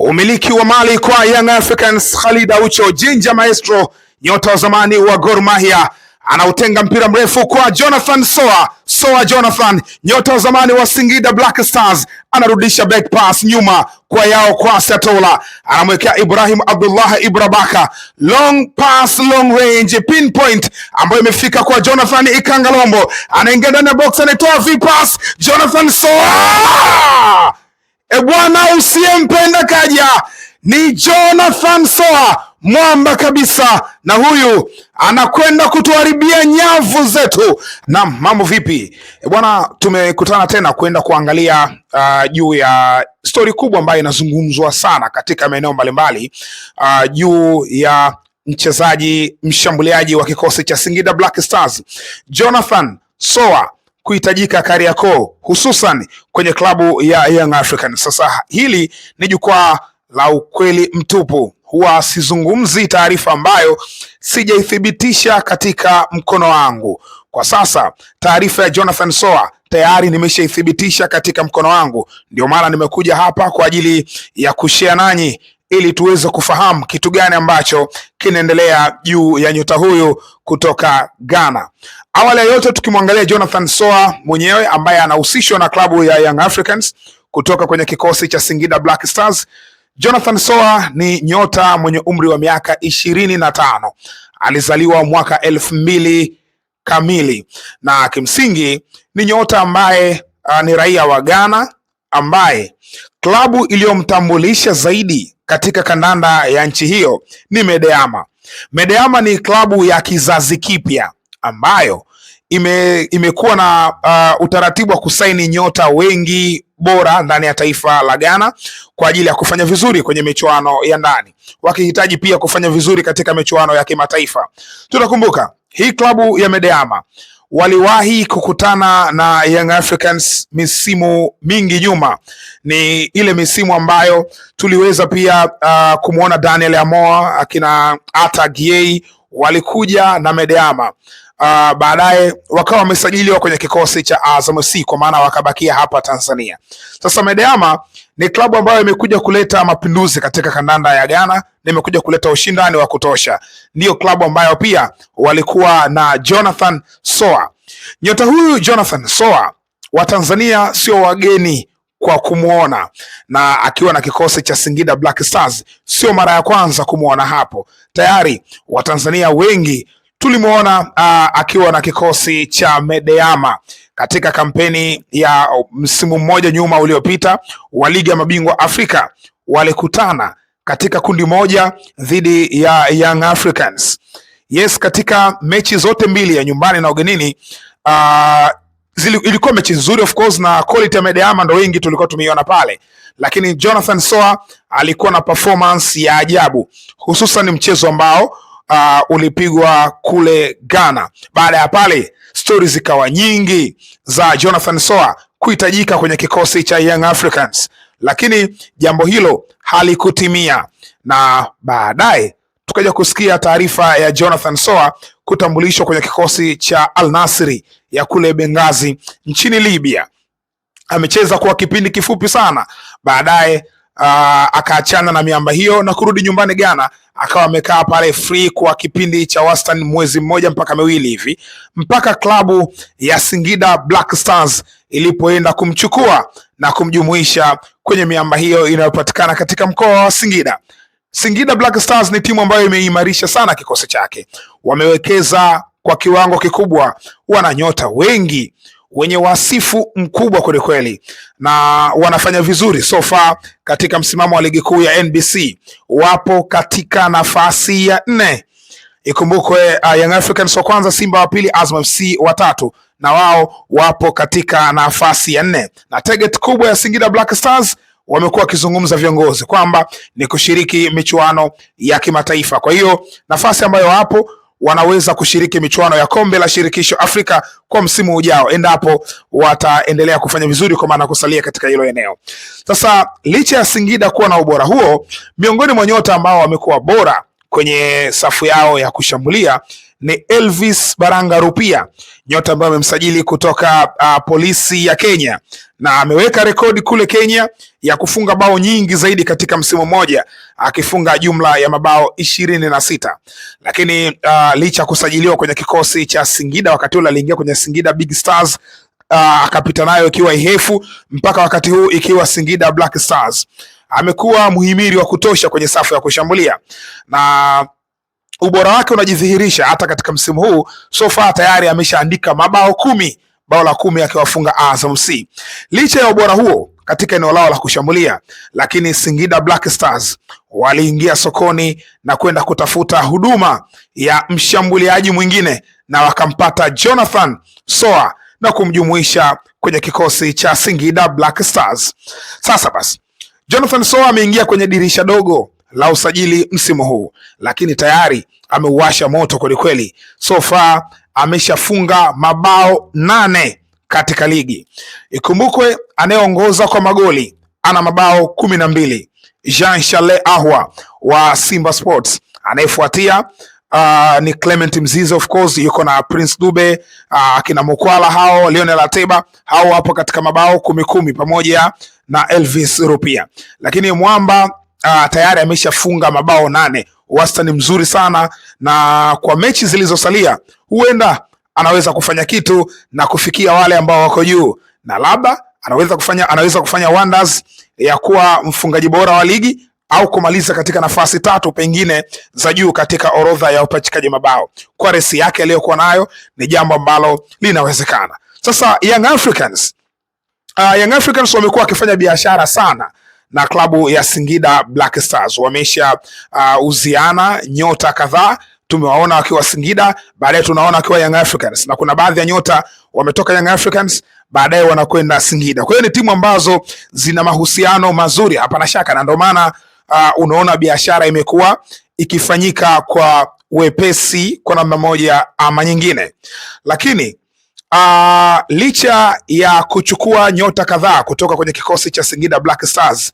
Umiliki wa mali kwa Young Africans, Khalid Aucho Jinja Maestro, nyota wa zamani wa Gor Mahia anautenga mpira mrefu kwa Jonathan Soa. Soa Jonathan, nyota wa zamani wa Singida Black Stars, anarudisha back pass nyuma kwa yao kwa Satola, anamwekea Ibrahim Abdullah Ibrabaka, long pass, long range pinpoint ambayo imefika kwa Jonathan Ikangalombo, anaingia ndani ya box, anaitoa v pass. Jonathan Soa E bwana, usiyempenda kaja ni Jonathan Soa, mwamba kabisa, na huyu anakwenda kutuharibia nyavu zetu. Na mambo vipi e bwana, tumekutana tena kuenda kuangalia uh, juu ya stori kubwa ambayo inazungumzwa sana katika maeneo mbalimbali uh, juu ya mchezaji mshambuliaji wa kikosi cha Singida Black Stars Jonathan Soa kuhitajika Kariakoo, hususan kwenye klabu ya Young african Sasa hili ni jukwaa la ukweli mtupu, huwa sizungumzi taarifa ambayo sijaithibitisha katika mkono wangu. Kwa sasa taarifa ya Jonathan Soa tayari nimeshaithibitisha katika mkono wangu, ndio maana nimekuja hapa kwa ajili ya kushare nanyi ili tuweze kufahamu kitu gani ambacho kinaendelea juu ya nyota huyu kutoka Ghana. Awali ya yote, tukimwangalia Jonathan Soa mwenyewe ambaye anahusishwa na klabu ya Young Africans kutoka kwenye kikosi cha Singida Black Stars. Jonathan Soa ni nyota mwenye umri wa miaka ishirini na tano alizaliwa mwaka elfu mbili kamili na kimsingi ni nyota ambaye ah, ni raia wa Ghana ambaye klabu iliyomtambulisha zaidi katika kandanda ya nchi hiyo ni Medeama. Medeama ni klabu ya kizazi kipya ambayo ime, imekuwa na uh, utaratibu wa kusaini nyota wengi bora ndani ya taifa la Ghana kwa ajili ya kufanya vizuri kwenye michuano ya ndani, wakihitaji pia kufanya vizuri katika michuano ya kimataifa. Tunakumbuka hii klabu ya Medeama waliwahi kukutana na Young Africans misimu mingi nyuma. Ni ile misimu ambayo tuliweza pia uh, kumwona Daniel Amoa akina Ata Gueye walikuja na Medeama uh, baadaye wakawa wamesajiliwa kwenye kikosi cha Azam FC kwa maana wakabakia hapa Tanzania. Sasa Medeama ni klabu ambayo imekuja kuleta mapinduzi katika kandanda ya Ghana na imekuja kuleta ushindani wa kutosha. Ndiyo klabu ambayo pia walikuwa na Jonathan Soa. Nyota huyu Jonathan Soa wa Tanzania sio wageni kwa kumwona na akiwa na kikosi cha Singida Black Stars, sio mara ya kwanza kumwona hapo. Tayari Watanzania wengi tulimwona uh, ah, akiwa na kikosi cha Medeama katika kampeni ya msimu mmoja nyuma uliopita wa ligi ya mabingwa Afrika, walikutana katika kundi moja dhidi ya Young Africans. Yes, katika mechi zote mbili ya nyumbani na ugenini uh, zili, ilikuwa mechi nzuri of course, na quality ya Medeama ndo wengi tulikuwa tumeiona pale, lakini Jonathan Soa alikuwa na performance ya ajabu, hususan mchezo ambao uh, ulipigwa kule Ghana. Baada ya pale stori zikawa nyingi za Jonathan Soa kuhitajika kwenye kikosi cha Young Africans, lakini jambo hilo halikutimia, na baadaye tukaja kusikia taarifa ya Jonathan Soa kutambulishwa kwenye kikosi cha Al Nassr ya kule Benghazi nchini Libya. Amecheza kwa kipindi kifupi sana, baadaye Uh, akaachana na miamba hiyo na kurudi nyumbani Ghana, akawa amekaa pale free kwa kipindi cha wastani mwezi mmoja mpaka miwili hivi, mpaka klabu ya Singida Black Stars ilipoenda kumchukua na kumjumuisha kwenye miamba hiyo inayopatikana katika mkoa wa Singida. Singida Black Stars ni timu ambayo imeimarisha sana kikosi chake, wamewekeza kwa kiwango kikubwa, wana nyota wengi wenye wasifu mkubwa kwelikweli, na wanafanya vizuri so far katika msimamo wa ligi kuu ya NBC, wapo katika nafasi ya nne. Ikumbukwe uh, Young Africans wa kwanza, Simba wa pili, Azam FC wa tatu, na wao wapo katika nafasi ya nne, na target kubwa ya Singida Black Stars wamekuwa wakizungumza viongozi kwamba ni kushiriki michuano ya kimataifa. Kwa hiyo nafasi ambayo wapo wanaweza kushiriki michuano ya kombe la shirikisho Afrika kwa msimu ujao, endapo wataendelea kufanya vizuri, kwa maana kusalia katika hilo eneo. Sasa licha ya Singida kuwa na ubora huo, miongoni mwa nyota ambao wamekuwa bora kwenye safu yao ya kushambulia ni Elvis Baranga Rupia, nyota ambaye amemsajili kutoka uh, polisi ya Kenya na ameweka rekodi kule Kenya ya kufunga bao nyingi zaidi katika msimu mmoja akifunga jumla ya mabao ishirini na sita. Lakini uh, licha kusajiliwa kwenye kikosi cha Singida, wakati ule aliingia kwenye Singida Big Stars uh, akapita nayo ikiwa Ihefu mpaka wakati huu ikiwa Singida Black Stars. Amekuwa muhimili wa kutosha kwenye safu ya kushambulia na ubora wake unajidhihirisha hata katika msimu huu sofa, tayari ameshaandika mabao kumi, bao la kumi akiwafunga Azam FC. Licha ya ubora huo katika eneo lao la kushambulia, lakini Singida Black Stars waliingia sokoni na kwenda kutafuta huduma ya mshambuliaji mwingine na wakampata Jonathan Soa na kumjumuisha kwenye kikosi cha Singida Black Stars. Sasa basi, Jonathan Soa ameingia kwenye dirisha dogo la usajili msimu huu, lakini tayari ameuasha moto kwelikweli. So far ameshafunga mabao nane katika ligi. Ikumbukwe anayeongoza kwa magoli ana mabao kumi na mbili Jean Charles Ahwa wa Simba Sports. Anayefuatia uh, ni Clement Mzize, of course yuko na Prince Dube uh, akina Mukwala hao, Lionel Ateba hao hapo katika mabao kumi kumi pamoja na Elvis Rupia, lakini mwamba uh, tayari ameshafunga mabao nane, wastani mzuri sana, na kwa mechi zilizosalia huenda anaweza kufanya kitu na kufikia wale ambao wako juu, na labda anaweza kufanya, anaweza kufanya wonders ya kuwa mfungaji bora wa ligi au kumaliza katika nafasi tatu pengine za juu katika orodha ya upachikaji mabao. Kwa resi yake aliyokuwa nayo ni jambo ambalo linawezekana. Sasa Young Africans, uh, Young Africans wamekuwa wakifanya biashara sana na klabu ya Singida Black Stars. Wameisha uh, uziana nyota kadhaa tumewaona wakiwa Singida, baadaye tunaona wakiwa Young Africans, na kuna baadhi ya nyota wametoka Young Africans baadaye wanakwenda Singida. Kwa hiyo ni timu ambazo zina mahusiano mazuri, hapana shaka, na ndio maana uh, unaona biashara imekuwa ikifanyika kwa wepesi kwa namna moja ama nyingine, lakini Uh, licha ya kuchukua nyota kadhaa kutoka kwenye kikosi cha Singida Black Stars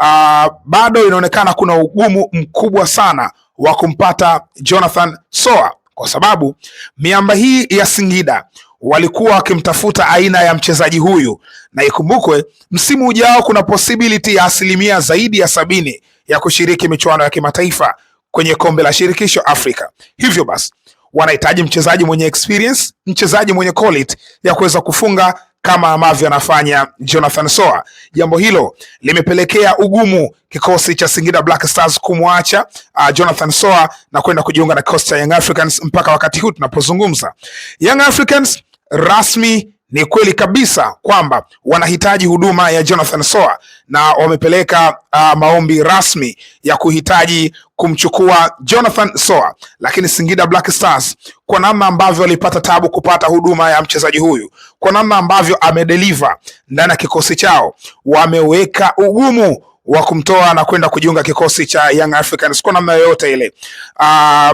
uh, bado inaonekana kuna ugumu mkubwa sana wa kumpata Jonathan Soa kwa sababu miamba hii ya Singida walikuwa wakimtafuta aina ya mchezaji huyu, na ikumbukwe msimu ujao kuna possibility ya asilimia zaidi ya sabini ya kushiriki michuano ya kimataifa kwenye kombe la shirikisho Afrika. Hivyo basi wanahitaji mchezaji mwenye experience, mchezaji mwenye quality ya kuweza kufunga kama ambavyo anafanya Jonathan Soa. Jambo hilo limepelekea ugumu kikosi cha Singida Black Stars kumwacha uh, Jonathan Soa na kwenda kujiunga na kikosi cha Young Africans mpaka wakati huu tunapozungumza. Young Africans rasmi ni kweli kabisa kwamba wanahitaji huduma ya Jonathan Soa na wamepeleka uh, maombi rasmi ya kuhitaji kumchukua Jonathan Soa, lakini Singida Black Stars kwa namna ambavyo walipata tabu kupata huduma ya mchezaji huyu, kwa namna ambavyo amedeliver ndani ya kikosi chao, wameweka ugumu wa kumtoa na kwenda kujiunga kikosi cha Young Africans kwa namna yoyote ile. Uh,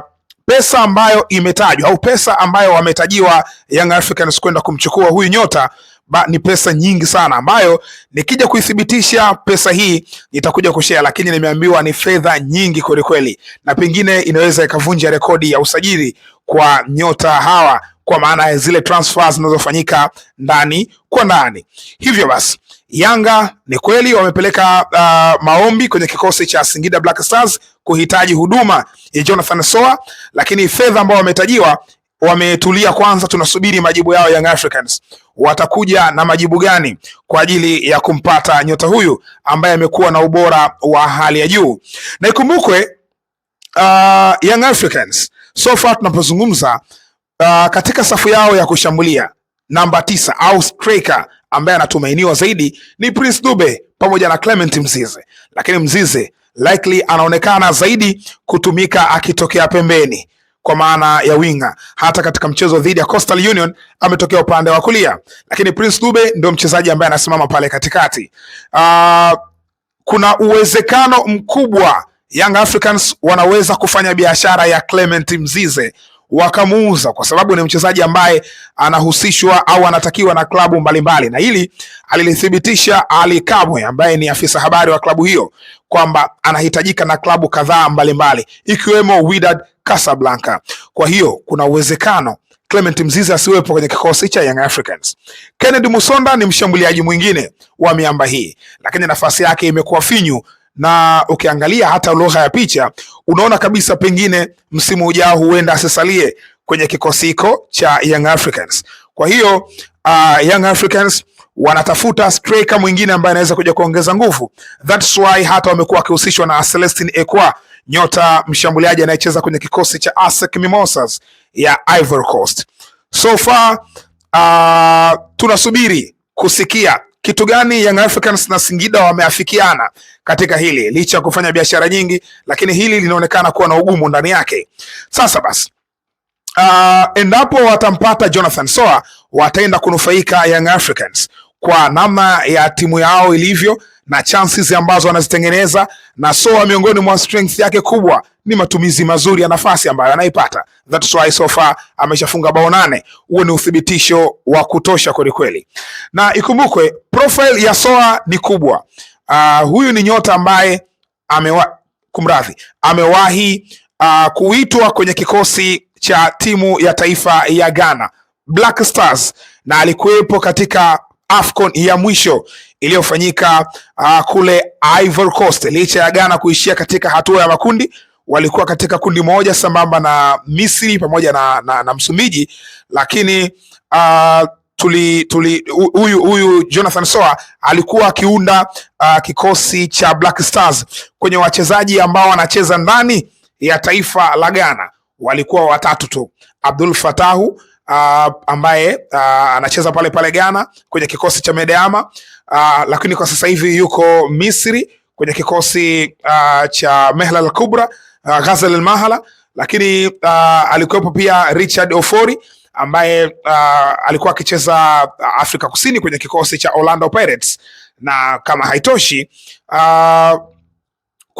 pesa ambayo imetajwa au pesa ambayo wametajiwa Young Africans kwenda kumchukua huyu nyota ba, ni pesa nyingi sana ambayo nikija kuithibitisha pesa hii nitakuja kushare, lakini nimeambiwa ni fedha nyingi kwelikweli, na pengine inaweza ikavunja rekodi ya usajili kwa nyota hawa, kwa maana ya zile transfers zinazofanyika ndani kwa ndani. Hivyo basi Yanga ni kweli wamepeleka uh, maombi kwenye kikosi cha Singida Black Stars kuhitaji huduma ya Jonathan Soa, lakini fedha ambao wametajiwa wametulia kwanza, tunasubiri majibu yao. Young Africans watakuja na majibu gani kwa ajili ya kumpata nyota huyu ambaye amekuwa na ubora wa hali ya juu, na ikumbukwe uh, Young Africans so far tunapozungumza, uh, katika safu yao ya kushambulia namba tisa au striker ambaye anatumainiwa zaidi ni Prince Dube pamoja na Clement Mzize, lakini Mzize likely anaonekana zaidi kutumika akitokea pembeni kwa maana ya winga. Hata katika mchezo dhidi ya Coastal Union ametokea upande wa kulia, lakini Prince Dube ndio mchezaji ambaye anasimama pale katikati. Uh, kuna uwezekano mkubwa Young Africans wanaweza kufanya biashara ya Clement Mzize wakamuuza kwa sababu ni mchezaji ambaye anahusishwa au anatakiwa na klabu mbalimbali, na hili alilithibitisha Ali Kamwe ambaye ni afisa habari wa klabu hiyo kwamba anahitajika na klabu kadhaa mbalimbali ikiwemo Wydad Casablanca. Kwa hiyo kuna uwezekano Clement Mzize asiwepo kwenye kikosi cha Young Africans. Kennedy Musonda ni mshambuliaji mwingine wa miamba hii, lakini nafasi yake imekuwa finyu na ukiangalia hata lugha ya picha unaona kabisa pengine msimu ujao huenda asisalie kwenye kikosi hiko cha Young Africans. Kwa hiyo uh, Young Africans wanatafuta striker mwingine ambaye anaweza kuja kuongeza nguvu. That's why hata wamekuwa wakihusishwa na Celestin Ekwa, nyota mshambuliaji anayecheza kwenye kikosi cha ASEC Mimosas ya Ivory Coast. So far uh, tunasubiri kusikia kitu gani Young Africans na Singida wameafikiana katika hili? Licha ya kufanya biashara nyingi, lakini hili linaonekana kuwa na ugumu ndani yake. Sasa basi uh, endapo watampata Jonathan Soa wataenda kunufaika Young Africans kwa namna ya timu yao ilivyo na chances ambazo anazitengeneza, na Soa miongoni mwa strength yake kubwa ni matumizi mazuri ya nafasi ambayo anaipata. That's why so far ameshafunga bao nane. Huo ni uthibitisho wa kutosha kweli kweli, na ikumbukwe profile ya Soa ni kubwa. Uh, huyu ni nyota ambaye amewa, kumradhi amewahi uh, kuitwa kwenye kikosi cha timu ya taifa ya Ghana Black Stars na alikuwepo katika AFCON ya mwisho iliyofanyika uh, kule Ivory Coast. Licha ya Ghana kuishia katika hatua ya makundi, walikuwa katika kundi moja sambamba na Misri pamoja na, na, na Msumbiji, lakini uh, tuli tuli huyu huyu Jonathan Soa alikuwa akiunda uh, kikosi cha Black Stars kwenye wachezaji ambao wanacheza ndani ya taifa la Ghana walikuwa watatu tu, Abdul Fatahu uh, ambaye uh, anacheza pale pale Ghana kwenye kikosi cha Medeama uh, lakini kwa sasa hivi yuko Misri kwenye kikosi uh, cha Mehla al Kubra uh, Ghazal al Mahala, lakini uh, alikuwepo pia Richard Ofori ambaye uh, alikuwa akicheza Afrika Kusini kwenye kikosi cha Orlando Pirates, na kama haitoshi uh,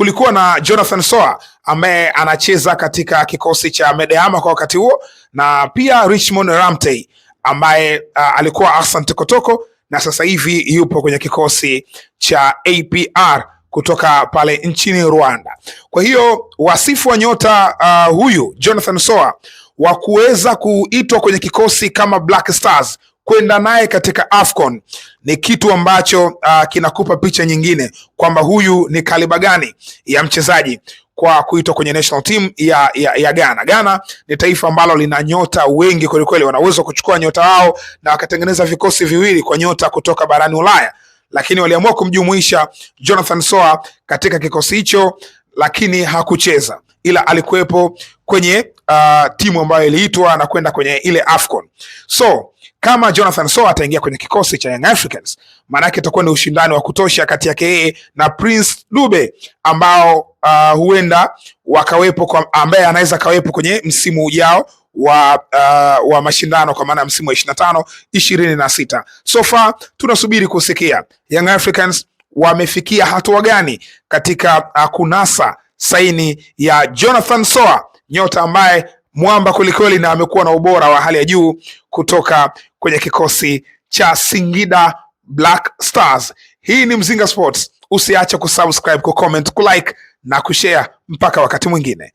kulikuwa na Jonathan Soa ambaye anacheza katika kikosi cha Medeama kwa wakati huo, na pia Richmond Ramtey ambaye uh, alikuwa Ahsan tokotoko na sasa hivi yupo kwenye kikosi cha APR kutoka pale nchini Rwanda. Kwa hiyo wasifu wa nyota uh, huyu Jonathan Soa wa kuweza kuitwa kwenye kikosi kama Black Stars kwenda naye katika AFCON ni kitu ambacho uh, kinakupa picha nyingine kwamba huyu ni kaliba gani ya mchezaji kwa kuitwa kwenye national team ya, ya, ya Ghana. Ghana ni taifa ambalo lina nyota wengi kwelikweli, wanaweza wa kuchukua nyota wao na wakatengeneza vikosi viwili kwa nyota kutoka barani Ulaya, lakini waliamua kumjumuisha Jonathan Soa katika kikosi hicho, lakini hakucheza ila alikuwepo kwenye uh, timu ambayo iliitwa na kwenda kwenye ile AFCON. So kama Jonathan Sow ataingia kwenye kikosi cha Young Africans, maanake itakuwa ni ushindani wa kutosha kati yake yeye na Prince Dube ambao uh, huenda wakawepo kwa, ambaye anaweza kawepo kwenye msimu ujao wa uh, wa mashindano kwa maana ya msimu wa ishirini na tano ishirini na sita. So far tunasubiri kusikia Young Africans wamefikia hatua gani katika uh, kunasa saini ya Jonathan Soa nyota ambaye mwamba kwelikweli na amekuwa na ubora wa hali ya juu kutoka kwenye kikosi cha Singida Black Stars. Hii ni Mzinga Sports, usiache kusubscribe, kucomment, kulike na kushare. Mpaka wakati mwingine.